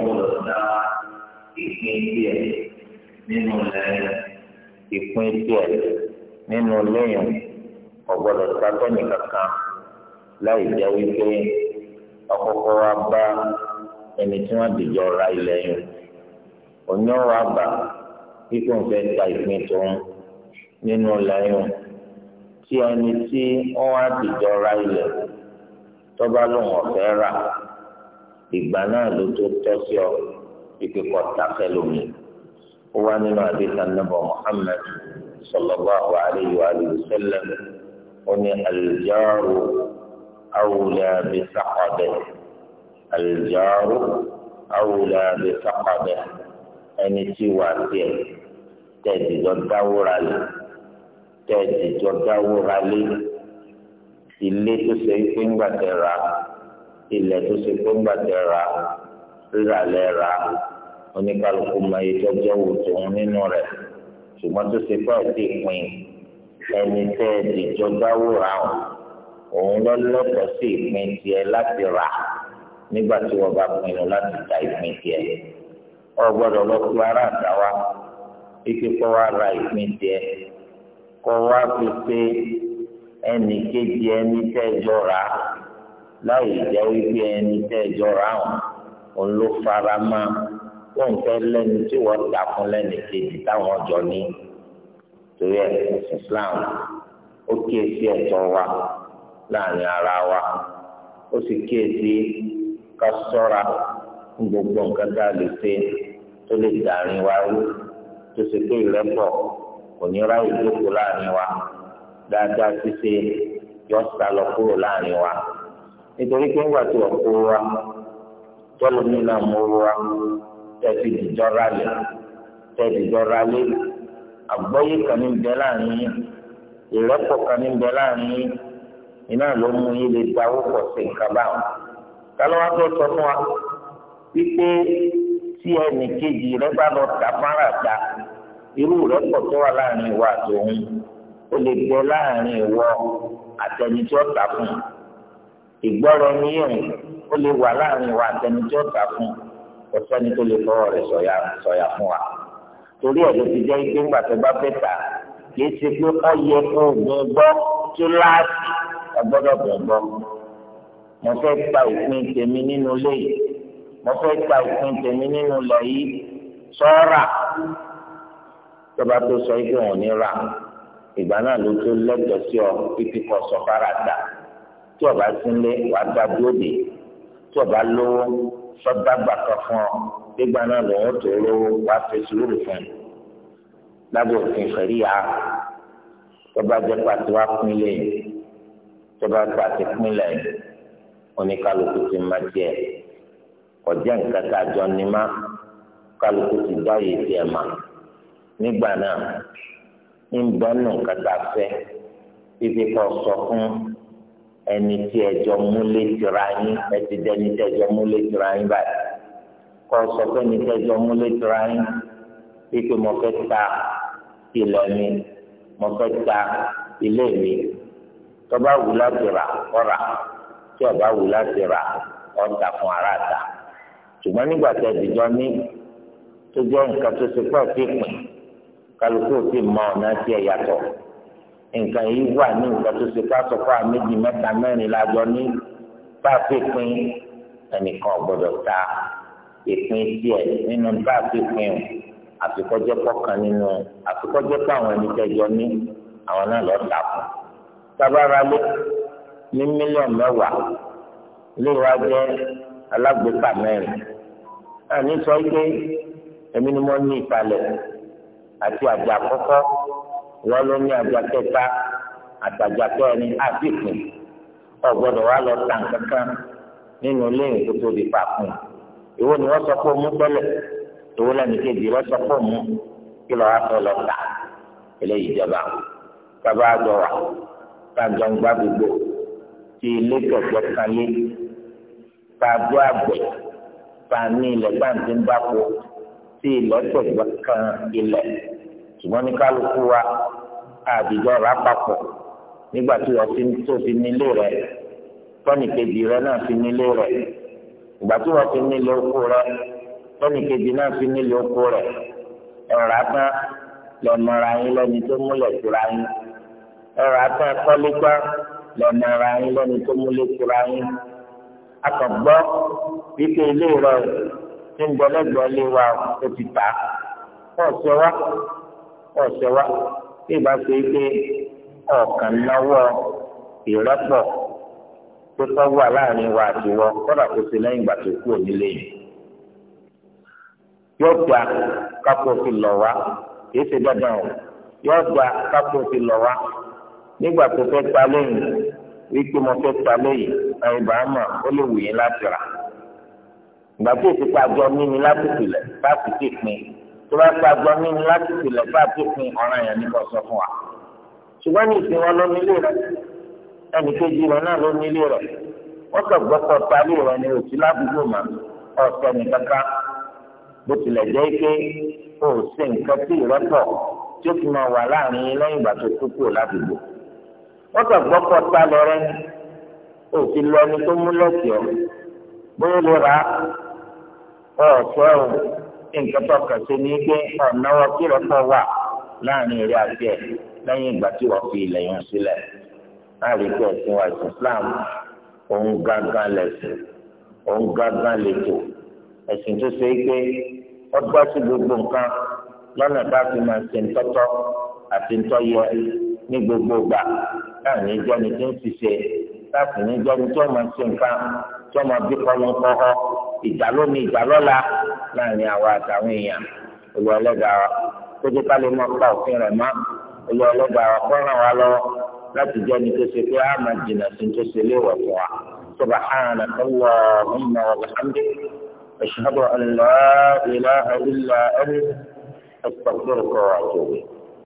gbọ́dọ̀ dá ìpín díẹ̀ nínú lẹ́yìn ìpín díẹ̀ nínú lẹ́yìn ọ̀gbọ́dọ̀ sátọ́nì kankan láì jẹ́ wípé ọkọ̀kọ́ wa bá ẹni tí wọ́n dìjọ ra ilẹ̀ yìí òní ọ̀rọ̀ àbá kíkó ń fẹ́ ta ìpín tòun nínú lẹ́yìn tí ẹni tí wọ́n wá dìjọ ra ilẹ̀ tó lóun ọ̀fẹ́ rà ìgbà náà ló tó tọ́ sí ọ ìpè kọ́ takẹ́ lómi ó wá nínú àdéhùn anábọ̀ Muhammad sallallahu alayhi wa sallam ó ní alìjáàrú awùlà bí sàkọ̀dẹ̀ alìjáàrú awùlà bí sàkọ̀dẹ̀ ẹni tí wà tiẹ̀ tẹ̀sí jọ lé tẹ̀sí jọ lé ilé tó ṣe é pé ńgbà tẹ̀ ra ilẹ̀ tó ṣe kó gbàtẹ́ ra rírà lẹ́ra oníkálukú máa yẹ tọ́jọ́ wò tòun nínú rẹ̀ ṣùgbọ́n tó ṣe fẹ́ ti pin ẹni tẹ́ ẹ dìjọba wòrà òun lọ lọ́tọ̀ sí ìpín tiẹ̀ láti rà nígbà tí wọ́n bá pinnu láti ta ìpín tiẹ̀ ọ gbọ́dọ̀ lọ fún ara àdáwà ike kọ́ wa ra ìpín tiẹ̀ kọ́ wa fi pé ẹnì kejì ẹni tẹ́ ẹ jọ rà á láì jẹ́ wípé ẹni tẹ́ ẹjọ́ ra wọn òun ló fara mọ́ kó n fẹ́ lẹ́nu tí wọ́n ta fún lẹ́nu kejì táwọn jọ ní torí ẹ̀ Islam ó kíyèsí ẹ̀tọ́ wa láàrin ara wa ó sì kíyèsí ká sọ́ra fún gbogbo nǹkan tá a lè ṣe tó lè dàrin wa rú tó sì pé ìrẹ́pọ̀ kò ní ráyè jókòó láàrin wa dáadáa ṣíṣe yọ sálọ kúrò láàrin wa. nítorí pé ńgbà tí ọ̀pọ̀ wa tọ́lọ̀ ní náà mú wa tẹ̀sí ìjọra tẹ̀sí ìjọra lé àgbọ́yé kan ní bẹ láàrin ìrẹ́pọ̀ kan ní bẹ láàrin iná ló mú yín lè dáwó pọ̀ sí kálọ́ wá tó sọ fún wa wípé tí ẹnì kejì rẹ bá lọ fara ta irú ìrẹ́pọ̀ tó wà láàrin ìwà àtòun ó lè láàrin ìwọ àtẹnitọ́ fún ìgbọ́rọ̀ ní yẹn ó lè wà láàrin wa àtẹni tí ó ta fún ọ̀sẹ́ni tó lè fọwọ́ rẹ̀ sọ̀yà sọ̀yà fún wa torí ẹ̀ ló ti jẹ́ pé ńgbà tó bá fẹ́ tà kì í ṣe pé ó yẹ kó gbọ́n gbọ́ tó láàbì ọgbọ́dọ̀ gbọ́n gbọ́ mo fẹ́ gba ìpín tèmi nínú ilé yìí mo fẹ́ gba ìpín tèmi nínú ilẹ̀ yìí sọ́ra tó bá tó sọ pé òun ní ra ìgbà náà ló tó lẹ́tọ̀ọ́ sí ọ títí kọ sọ fara tí ọba sílé wàá gba bíòdì tí ọba lówó sọgbà gbàkan fún ọ gbígbà náà lòun tó lówó wàá fi sùúrù fún un lábẹ́ òfin fẹríya tọba jẹ pàtó wá pínlẹ tọba pàtó pínlẹ oníkálùkù ti má tiẹ̀ kọjá nǹkan tá a jọ ní má kálùkù ti dá yìí tiẹ̀ má nígbà náà ń bẹ́ẹ̀ nù nǹkan tá a fẹ́ títí kọ́ sọ fún ẹni tí ẹjọ múlé tìra yín ẹtì dẹni tí ẹjọ múlé tìra yín báyìí kọ sọ pé ẹni tí ẹjọ múlé tìra yín pípé mo fẹ́ ta ilẹ̀ mi mo fẹ́ ta ilé mi tọ́ba wù láti rà ọ̀rà tí ọba wù láti rà ọ̀tà fún ara ta ṣùgbọ́n nígbà tí ẹ̀dìjọ́ ní tó jẹ́ nǹkan tó ṣe pọ̀ sí ìpín kálukú ò mọ ọ̀nà tí ẹ yàtọ̀ nǹkan yìí wà ní nǹkan tó ṣe káṣọ fún àméjì mẹ́ta mẹ́rin lájọ ní báfífin ẹnìkan gbọ́dọ̀ ta ìpín tiẹ̀ nínú báfífin àfikọ́jẹ́ pọ̀kan nínú àfikọ́jẹ́ pọ̀ àwọn ẹni tẹ́jọ ní àwọn náà lọ́ọ́ ta fún. sábàrálé ní mílíọ̀nù mẹ́wàá ilé wa alágbèéká mẹ́rin àní sọ pé èmi ni mo ní ìpalẹ̀ àti àjà àkọ́kọ́ wọ́n ló ní ajá kẹta àtàjà kẹrin àfikún ọ̀gbọ́dọ̀ wa lọ tàn kankan nínú ilé ìkótó di pàkún ìwọ ni wọ́n sọ pé òun tẹ́lẹ̀ ìwọ lẹ́nu kejì wọ́n sọ pé òun kí lọ́ọ́ afẹ́ lọ tà eléyìí jọba bàbá àjọ wa bàjọ́ ń gbá gbogbo ti ilé kẹ̀kẹ́ kan lé bàjọ́ àgbẹ̀ bàní ilẹ̀ gbàǹdé ń bá kó ti ìlọ́tẹ̀ kan ilẹ̀ ṣùgbọ́n ní kálukú wa àbíjọ rà papọ̀ nígbà tí wọ́n fi tó fi nílé rẹ̀ tọ́nì kejì rẹ̀ náà fi nílé rẹ̀ ìgbà tí wọ́n fi nílé oko rẹ̀ tọ́nì kejì náà fi nílé oko rẹ̀ ẹ̀rọ atán lọ́mọra yín lẹ́ni tó múlẹ̀ tura yín ẹ̀rọ atán kọ́lígbá lọ́mọra yín lẹ́ni tó múlẹ̀ tura yín akọ̀gbọ́ wípé ilé rẹ̀ ti ń bọ́lẹ́gbọ́ lé wa ó ti tà ọ̀sẹ̀ wa ọ̀sẹ̀ wa tí ìbá ṣe é pé ọ̀kan náwó ìrẹ́pọ̀ tó tọ́wọ́ wà láàrin wa àti wọ kọ́dà kó ṣe lẹ́yìn ìgbà tó kú onílé yìí. yóò gba kápò fi lọ wá kìí ṣe dandan o yóò gba kápò fi lọ wá nígbà tó fẹ́ ta lẹ́yìn wípé mo fẹ́ ta lẹ́yìn àyùbá àmọ́ ó lè wù yín láti rà. ìgbà tó ti pa àjọ mímu láti láti ti pin tó bá gbà gbọ́ mí ni láti tìlẹ̀ bá pínpín ọ̀ràn yẹn nípa sọ fún wa. ṣùgbọ́n ní ìsìn wọn ló nílé rẹ̀ ẹnì kejì rẹ̀ náà ló nílé rẹ̀ wọ́n kàn gbọ́ sọ parí rẹ̀ ni òsì ládùúgbò mà ọ̀sẹ̀ nìkankan bó tilẹ̀ jẹ́ pé o ò sí nǹkan tí ìrọ́pọ̀ tí ó fi máa wà láàrin lẹ́yìn ìgbà tó kú kúrò ládùúgbò wọ́n kàn gbọ́ tá lọ rẹ́ òsì nǹkan tó kàn sí ní pé ọ̀nàwọ́ kí rọ́pọ̀ wà láàrin eré àti ẹ̀ lẹ́yìn ìgbà tí wọ́n fi ilẹ̀ yẹn sílẹ̀ láàrin pé ẹ̀sìn wa ìsìn Islam òun gángan lẹ̀sìn òun gángan lètò ẹ̀sìn tó ṣe é pé ọgbọ́n sí gbogbo nǹkan lọ́nà bá fi máa ṣe ńtọ́tọ́ àti ńtọ́yẹ ní gbogbo gbà láàrin ìjọni tó ń ṣiṣẹ́ láti ní ìjọni tó máa ṣe nǹkan tó máa bí kọ́ńkọ́ ìjà láàrin àwa àtàwọn èèyàn olú ọlọ́dàá wa tó jẹ́ ká lè mọ pa òfin rẹ̀ mọ́ olú ọlọ́dàá wa kó ràn wá lọ́wọ́ láti jẹ́ ní tó ṣe pé a máa jìnnà sí tó ṣe léèwọ̀ fún wa subhanaka Allahumma wa bihamdik ashhadu an la ilaha illa anta astaghfiruka wa atubu